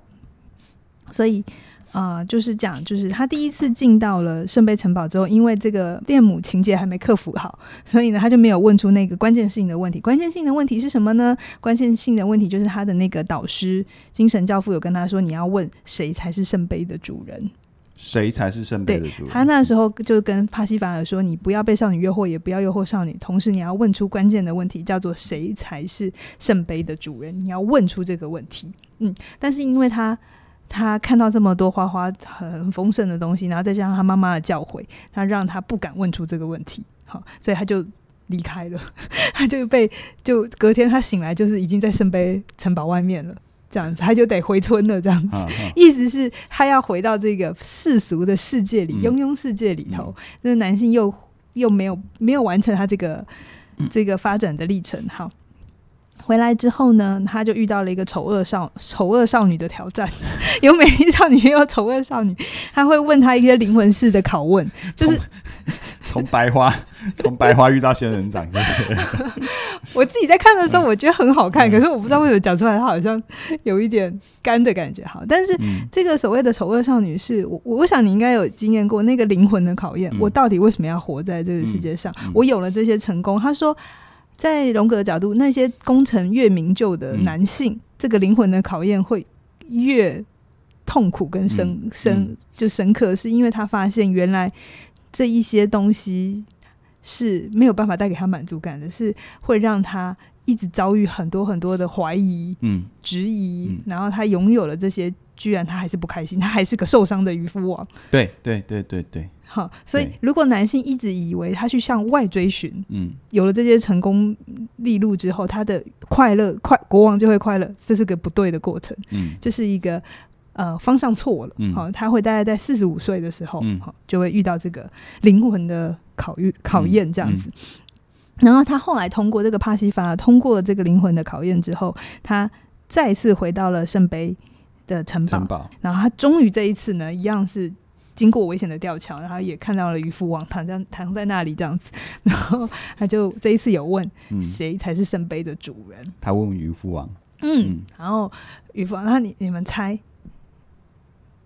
所以啊、呃，就是講，就是他第一次進到了聖杯城堡之後，因為這個戀母情節還沒克服好，所以呢，他就沒有問出那個關鍵性的問題。關鍵性的問題是什麼呢？關鍵性的問題就是他的那個導師，精神教父有跟他說：“你要問誰才是聖杯的主人。”誰才是聖杯的主人？他那時候就跟帕西凡爾說：“你不要被少女誘惑，也不要誘惑少女。同時，你要問出關鍵的問題，叫做誰才是聖杯的主人？你要問出這個問題。”嗯，但是因為他他看到這麼多花花很豐盛的東西，然後再加上他媽媽的教誨，他讓他不敢問出這個問題。好，哦，所以他就離開了，呵呵，他就被就隔天他醒來就是已經在聖杯城堡外面了。這樣子，他就得回村了。這樣子，意思是他要回到這個世俗的世界裡，嗯、庸庸世界裡頭。嗯、那男性又又沒有沒有完成他這個這個發展的歷程，哈、嗯。回來之後呢，他就遇到了一個醜惡少醜惡少女的挑戰， 有美麗少女，也有醜惡少女。他會問他一些靈魂式的拷問，就是從白花從 白花遇到仙人掌。 我自己在看的時候，我覺得很好看，嗯、可是我不知道為什麼講出來，他、嗯、好像有一點乾的感覺。好，但是這個所謂的醜惡少女是我，我想你應該有經驗過那個靈魂的考驗。嗯、我到底為什麼要活在這個世界上？嗯嗯、我有了這些成功，他說。在榮格的角度，那些功成越名就的男性，嗯、這個靈魂的考驗會越痛苦跟深、嗯嗯、深就深刻，是因為他發現原來這一些東西是沒有辦法帶給他滿足感的，是會讓他一直遭遇很多很多的懷疑、嗯、質疑，然後他擁有了這些。居然他還是不開心，他還是個受傷的漁夫王。對對對對對，對對對對好，所以如果男性一直以為他去向外追尋，嗯，有了這些成功利禄之後，他的快樂、快國王就會快樂，這是個不對的過程。嗯，這是一個呃方向錯了。嗯、好，他會大概在四十五歲的時候，嗯，好，就會遇到這個靈魂的考驗、考驗這樣子。嗯嗯、然後他後來通過這個帕西法，通過了這個靈魂的考驗之後，他再次回到了聖杯的城堡，城堡，然後他終於這一次呢，一樣是經過危險的吊橋，然後也看到了漁夫王躺在躺在那裡這樣子，然後他就這一次有問誰才是聖杯的主人，嗯，他問漁夫王，嗯，然後漁夫王，那你你們猜，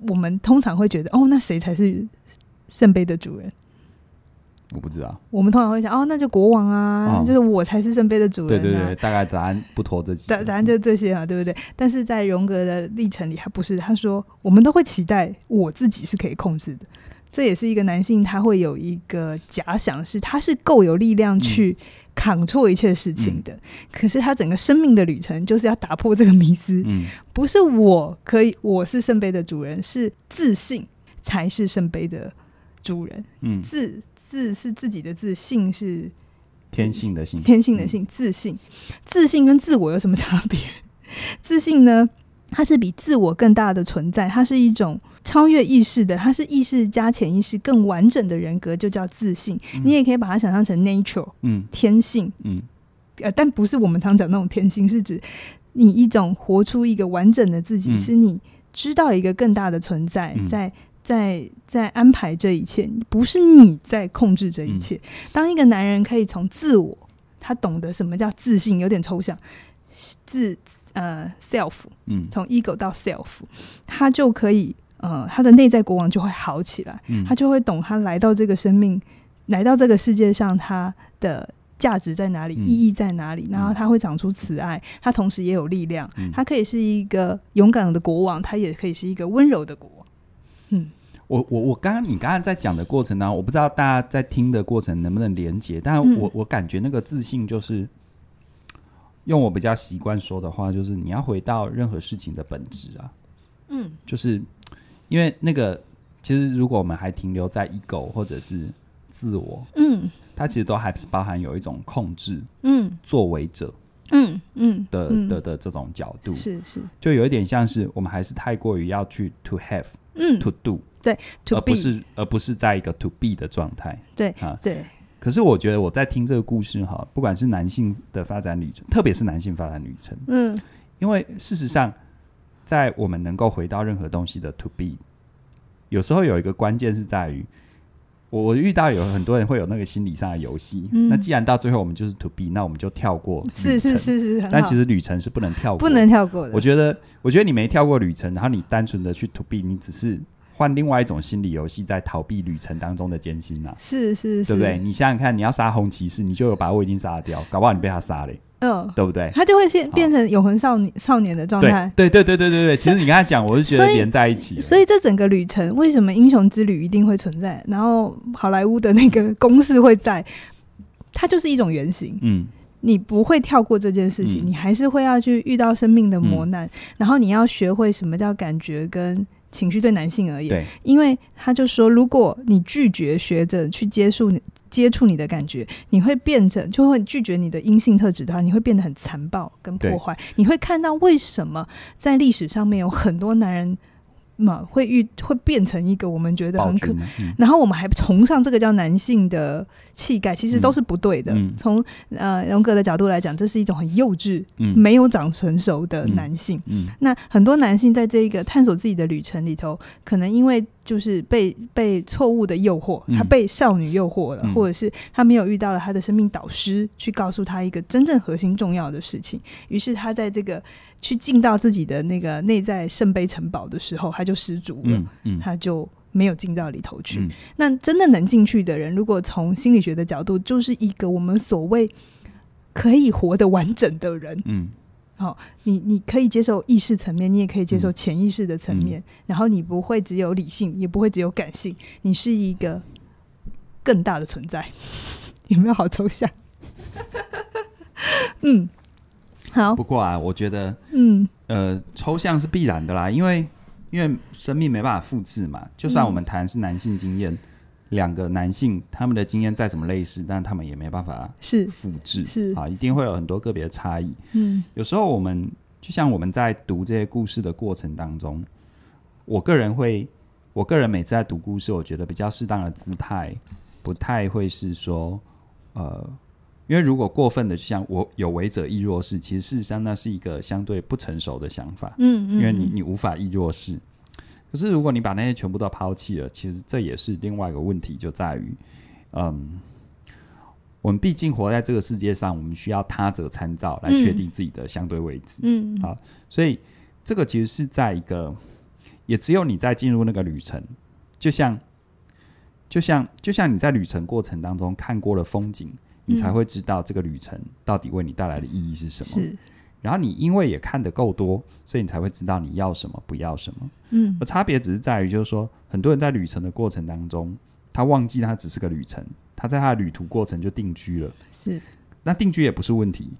我們通常會覺得哦，那誰才是聖杯的主人？我不知道，我們通常會想哦，那就國王啊，嗯、就是我才是聖杯的主人、啊。對對對，大概答案不脫。這幾個，答案就這些啊，對不對？但是在榮格的歷程裡，他不是，他說我們都會期待我自己是可以控制的，這也是一個男性他會有一個假想是他是夠有力量去扛錯一切事情的。嗯、可是他整個生命的旅程就是要打破這個迷思，嗯，不是我可以，我是聖杯的主人，是自信才是聖杯的主人，嗯，自。自是自己的自，性是天性的性，嗯、天性的性。自性，自性跟自我有什麼差別？自性呢，它是比自我更大的存在，它是一種超越意識的，它是意識加潛意識更完整的人格，就叫自性。嗯、你也可以把它想象成 nature，嗯，天性，嗯，呃，但不是我們常講那種天性，是指你一種活出一個完整的自己，嗯、是你知道一個更大的存在、嗯、在。在在安排這一切，不是你在控制這一切。嗯、當一個男人可以從自我，他懂得什麼叫自信，有點抽象，自呃 self，從、嗯、ego 到 self，他就可以呃，他的內在國王就會好起來，嗯、他就會懂他來到這個生命，來到這個世界上，他的價值在哪裡，嗯、意義在哪裡。然後他會長出慈愛，嗯、他同時也有力量，嗯、他可以是一個勇敢的國王，他也可以是一個溫柔的國王。嗯，我我我剛剛你剛剛在講的過程呢，我不知道大家在聽的過程能不能連結，但我、嗯、我感覺那個自信就是用我比較習慣說的話，就是你要回到任何事情的本質啊，嗯，就是因為那個其實如果我們還停留在 ego 或者是自我，嗯，它其實都還是包含有一種控制，嗯，作為者嗯，嗯嗯的的的這種角度是、嗯、是，是就有一點像是我們還是太過於要去 to have。嗯，to do 嗯對，to 而不是而不是在一個 to be 的狀態，對啊，對。可是我覺得我在聽這個故事哈，不管是男性的發展旅程，特別是男性發展旅程，嗯，因為事實上，在我們能夠回到任何東西的 to be，有時候有一個關鍵是在於。我遇到有很多人會有那個心理上的遊戲，嗯、那既然到最後我們就是 to B，那我們就跳過，是是是是，但其實旅程是不能跳過，不能跳過的。我覺得，我覺得你沒跳過旅程，然後你單純的去 to B，你只是換另外一種心理遊戲，在逃避旅程當中的艱辛吶、啊。是是是，對不對？你想想看，你要殺紅騎士，你就有把握已經殺掉，搞不好你被他殺了。對不對？他就會先變成永恆少年、哦、少年的狀態。對對對對對對。以其實你跟他講，我是覺得連在一起所。所以這整個旅程，為什麼英雄之旅一定會存在？然後好萊塢的那個公式會在，它就是一種原型。嗯，你不會跳過這件事情，嗯、你還是會要去遇到生命的磨難，嗯、然後你要學會什麼叫感覺跟情緒。對男性而言，對因為他就說，如果你拒絕學着去接受你。接觸你的感覺，你會變成就會拒絕你的陰性特質的話，你會變得很殘暴跟破壞。對你會看到為什麼在歷史上面有很多男人。麼會遇會變成一個我們覺得很可，然後我們還崇尚這個叫男性的氣概，其實都是不對的。從呃榮格的角度來講，這是一種很幼稚、沒有長成熟的男性。那很多男性在這個探索自己的旅程裡頭，可能因為就是被被錯誤的誘惑，他被少女誘惑了，或者是他沒有遇到了他的生命導師，去告訴他一個真正核心重要的事情，於是他在這個。去進到自己的那個內在聖杯城堡的時候，他就失足了，嗯嗯、他就沒有進到裡頭去。嗯、那真的能進去的人，如果從心理學的角度，就是一個我們所謂可以活得完整的人。嗯，好、哦，你你可以接受意識層面，你也可以接受潛意識的層面，嗯、然後你不會只有理性，也不會只有感性，你是一個更大的存在。 有沒有好抽象？ 嗯。好。不過啊，我覺得，嗯，呃，抽象是必然的啦，因為因為生命沒辦法複製嘛。就算我們談的是男性經驗，嗯，兩個男性他們的經驗再怎麼類似，但他們也沒辦法是複製，是啊，一定會有很多個別的差異。嗯，有時候我們就像我們在讀這些故事的過程當中，我個人會，我個人每次在讀故事，我覺得比較適當的姿態，不太會是說，呃。因為如果過分的像我有為者亦若是，其實事實上那是一個相對不成熟的想法。嗯嗯，嗯，因為你你無法亦若是。可是如果你把那些全部都拋棄了，其實這也是另外一個問題，就在於，嗯，我們畢竟活在這個世界上，我們需要他者參照來確定自己的相對位置。嗯，嗯好。所以這個其實是在一個，也只有你在進入那個旅程，就像就像就像你在旅程過程當中看過的風景，你才會知道這個旅程到底為你帶來的意義是什麼。嗯、是，然後你因為也看得夠多，所以你才會知道你要什麼，不要什麼。嗯，差別只是在於，就是說，很多人在旅程的過程當中，他忘記他只是個旅程，他在他的旅途過程就定居了。是，那定居也不是問題，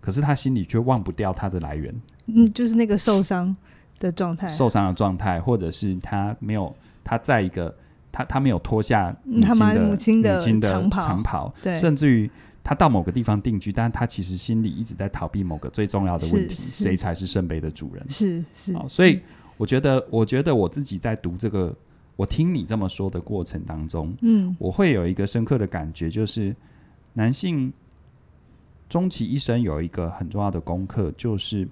可是他心裡卻忘不掉他的來源。嗯，就是那個受傷的狀態，受傷的狀態，或者是他沒有，他在一個。他他沒有脫下母親的母親的長袍，長袍。對。甚至於他到某個地方定居，但他其實心裡一直在逃避某個最重要的問題：誰是才是聖杯的主人？是，是，是，是，所以我覺得，我覺得我自己在讀這個，我聽你這麼說的過程當中，嗯，我會有一個深刻的感覺，就是男性終其一生有一個很重要的功課，就是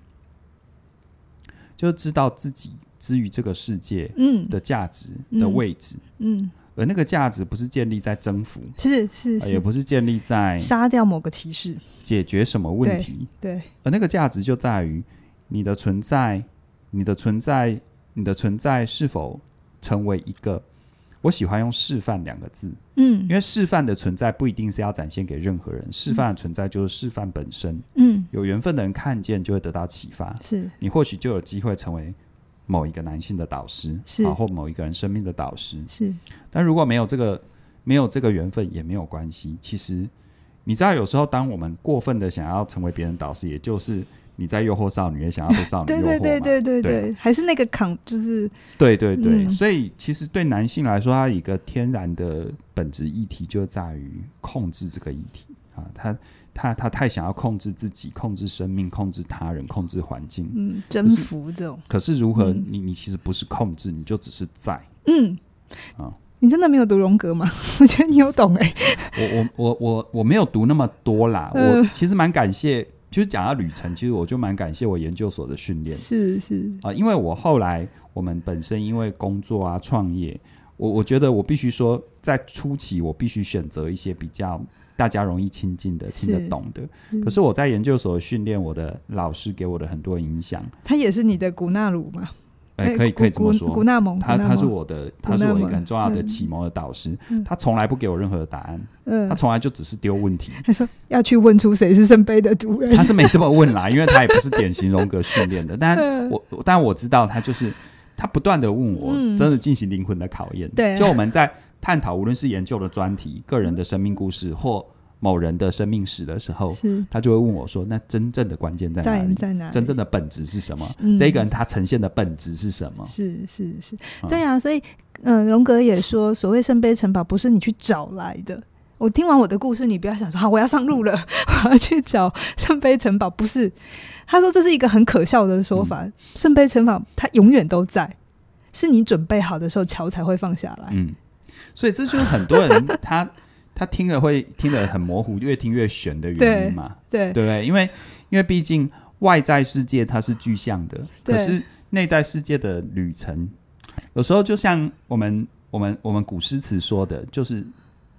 就知道自己之於這個世界，嗯，的價值的位置，嗯，嗯嗯，而那個價值不是建立在征服，是是，是是也不是建立在殺掉某個騎士，解決什麼問題對，對，而那個價值就在於你的存在，你的存在，你的存在是否成為一個，我喜歡用示範兩個字，嗯，因為示範的存在不一定是要展現給任何人，嗯、示範的存在就是示範本身，嗯，有緣分的人看見就會得到啟發，是你或許就有機會成為。某一個男性的導師，是，或某一個人生命的導師，是。但如果沒有這個，沒有這個緣分也沒有關係。其實你知道，有時候當我們過分的想要成為別人導師，也就是你在誘惑少女，也想要被少女誘惑， 對對對對對對，對還是那個抗，就是對對對。嗯、所以其實對男性來說，他一個天然的本質議題就在於控制這個議題啊，他。他他太想要控制自己，控制生命，控制他人，控制環境，嗯，征服這種。就是、可是如何？嗯、你你其實不是控制，你就只是在。嗯啊，你真的沒有讀榮格嗎？我覺得你有懂哎、欸。我我我我我沒有讀那麼多啦。呃、我其實蠻感謝，就是講到旅程，其實我就蠻感謝我研究所的訓練。是是啊，因為我後來我們本身因為工作啊創業，我我覺得我必須說，在初期我必須選擇一些比較。大家容易親近的，聽得懂的。可是我在研究所訓練我的老師給我的很多影響。他也是你的古納魯嗎？誒，可以，可以這麼說。古納蒙，他他是我的，他是我一個很重要的啟蒙的導師。他從來不給我任何的答案，他從來就只是丟問題。他說要去問出誰是聖杯的主人。他是沒這麼問啦，因為他也不是典型榮格訓練的。但我，但我知道他就是他不斷的問我，真的進行靈魂的考驗。對，就我們在。探討無論是研究的專題、個人的生命故事或某人的生命史的時候，是，他就會問我說：“是那真正的關鍵在哪裡？在哪裡？真正的本質是什麼？嗯、這一個人他呈現的本質是什麼？”是是是，是是嗯、對啊，所以，嗯，榮格也說，所謂聖杯城堡不是你去找來的。 我聽完我的故事，你不要想說：“好，我要上路了，嗯、我要去找聖杯城堡。”不是，他說這是一個很可笑的說法。嗯、聖杯城堡它永遠都在，是你準備好的時候，橋才會放下來。嗯。所以這就是很多人他 他，他聽了會聽得很模糊，越聽越玄的原因嘛，對對，對不對？因為因為畢竟外在世界它是具象的，對可是內在世界的旅程，有時候就像我們我們我們古詩詞說的，就是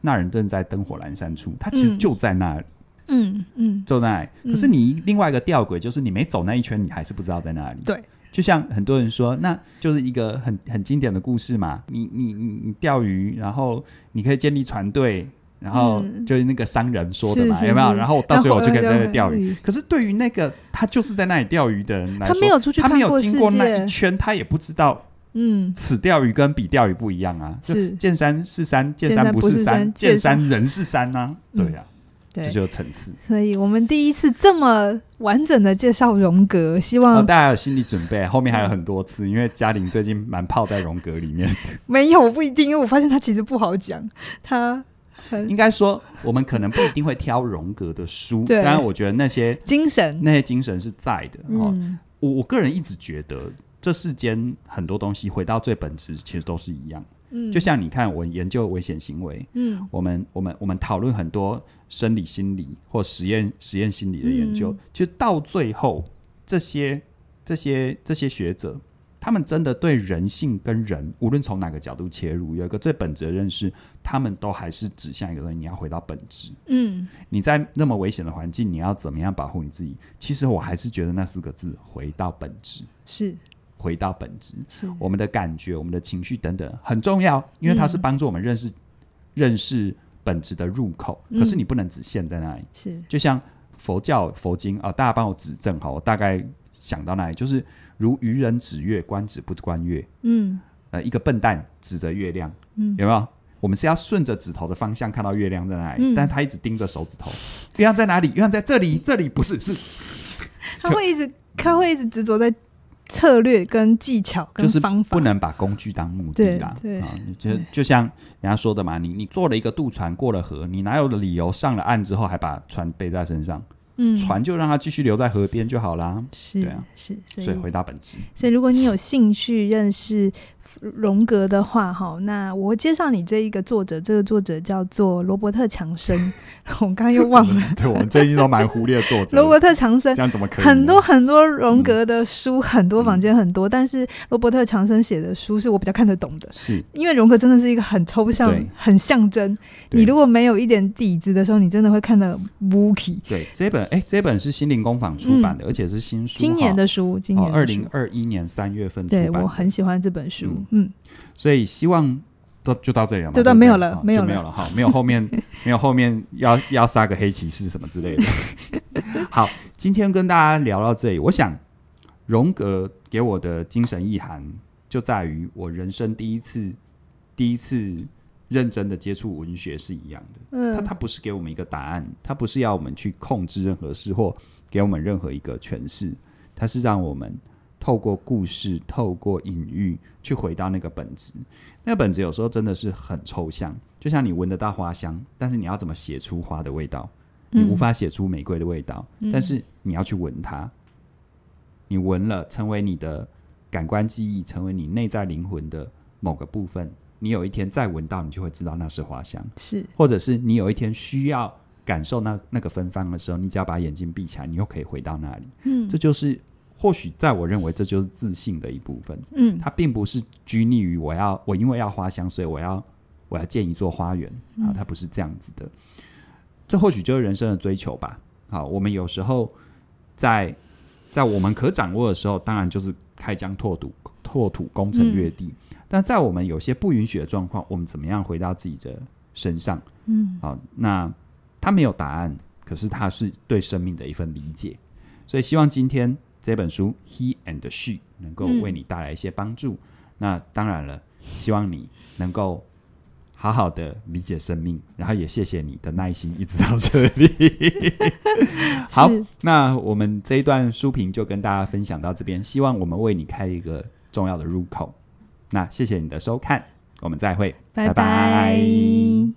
那人正在燈火闌珊處，他其實就在那裡，嗯嗯，就在那裡。嗯嗯、可是你另外一個弔詭就是，你沒走那一圈，你還是不知道在哪裡。對。就像很多人說，那就是一個很很經典的故事嘛。你你你你釣魚，然後你可以建立船隊，然後就是那個商人說的嘛，嗯、有沒有？然後到最後就可以在那釣魚。嗯、可是對於那個他就是在那裡釣魚的人來說，他沒有出去看過，他沒有經過那一圈，他也不知道，嗯，此釣魚跟彼釣魚不一樣啊。就是、嗯、見山是山，見山不是山，見山仍是山啊，嗯、對呀、啊。這就是有層次，所以，我們第一次這麼完整的介紹榮格，希望、哦、大家有心理準備。後面還有很多次，因為嘉玲最近蠻泡在榮格裡面 沒有，我不一定，因為我發現他其實不好講。他很應該說，我們可能不一定會挑榮格的書，當然 對，我覺得那些精神，那些精神是在的。嗯、哦，我我個人一直覺得，這世間很多東西回到最本質，其實都是一樣。嗯，就像你看，我研究危險行為，嗯，我，我們我們我們討論很多。生理、心理或實驗、實驗心理的研究，嗯、其實到最後，這些、這些、這些學者，他們真的對人性跟人，無論從哪個角度切入，有一個最本質的認識，他們都還是指向一個東西：你要回到本質。嗯，你在那麼危險的環境，你要怎麼樣保護你自己？其實我還是覺得那四個字：回到本質，是回到本質。是我們的感覺、我們的情緒等等很重要，因為它是幫助我們認識、嗯、認識。本質的入口，可是你不能只陷在那裡。嗯、是，就像佛教佛經啊、呃，大家幫我指正，好，我大概想到那裡，就是如愚人指月，觀指不觀月。嗯，呃，一個笨蛋指着月亮，嗯，有沒有？我們是要順着指頭的方向看到月亮在哪裡，嗯、但他一直盯着手指頭，月亮、嗯、在哪裡？月亮在這裡，這裡不是，是， 就他會一直，他會一直執着在。策略跟技巧，就是方法，不能把工具當目的啦。對對啊，就就像人家說的嘛，你你坐了一個渡船過了河，你哪有的理由上了岸之後還把船背在身上？嗯，船就讓它繼續留在河邊就好啦。是，對啊，是，所以，所以回到本質。所以如果你有興趣認識。 榮格的話，哈，那我介紹你這一個作者，這個作者叫做羅伯特·強森，我剛剛又忘了。對我們最近都蠻忽略作者。羅伯特·強森，這樣怎麼可以？很多很多榮格的書，很多房間很多，但是羅伯特·強森寫的書是我比較看得懂的。是，因為榮格真的是一個很抽象、很象徵。你如果沒有一點底子的時候，你真的會看得烏漆。對，這本哎，這本是心靈工坊出版的，而且是新書。今年的書，今年二零二一年三月份出版。對我很喜歡這本書。嗯，所以希望都就到這裡了，就到沒有了，沒有沒有了哈，哦哦，沒有後面 沒有後面要要殺個黑騎士什麼之類的。 好，今天跟大家聊到這裡，我想榮格給我的精神意涵就在於我人生第一次第一次認真的接觸文學是一樣的。嗯，他他不是給我們一個答案，他不是要我們去控制任何事或給我們任何一個詮釋，他是讓我們。透過故事，透過隱喻，去回到那個本質。那個本質有時候真的是很抽象。就像你聞得到花香，但是你要怎麼寫出花的味道？你無法寫出玫瑰的味道，嗯，但是你要去聞它。嗯，你聞了，成為你的感官記憶，成為你內在靈魂的某個部分。你有一天再聞到，你就會知道那是花香。是，或者是你有一天需要感受那那個芬芳的時候，你只要把眼睛閉起來，你又可以回到那裡。嗯，這就是。或許，在我認為，這就是自信的一部分。嗯，它並不是拘泥於我要，我因為要花香，所以我要，我要建一座花園，嗯、啊，它不是這樣子的。這或許就是人生的追求吧。好，我們有時候在在我們可掌握的時候，當然就是開疆拓土，拓土攻城略地。嗯、但在我們有些不允許的狀況，我們怎麼樣回到自己的身上？嗯，好，那它沒有答案，可是它是對生命的一份理解。所以，希望今天。這本書《He and She》能夠為你帶來一些幫助。嗯、那當然了，希望你能夠好好的理解生命。然後也謝謝你的耐心，一直到這裡。 好，是那我們這一段書評就跟大家分享到這邊。希望我們為你開一個重要的入口。那謝謝你的收看，我們再會，拜拜。拜拜。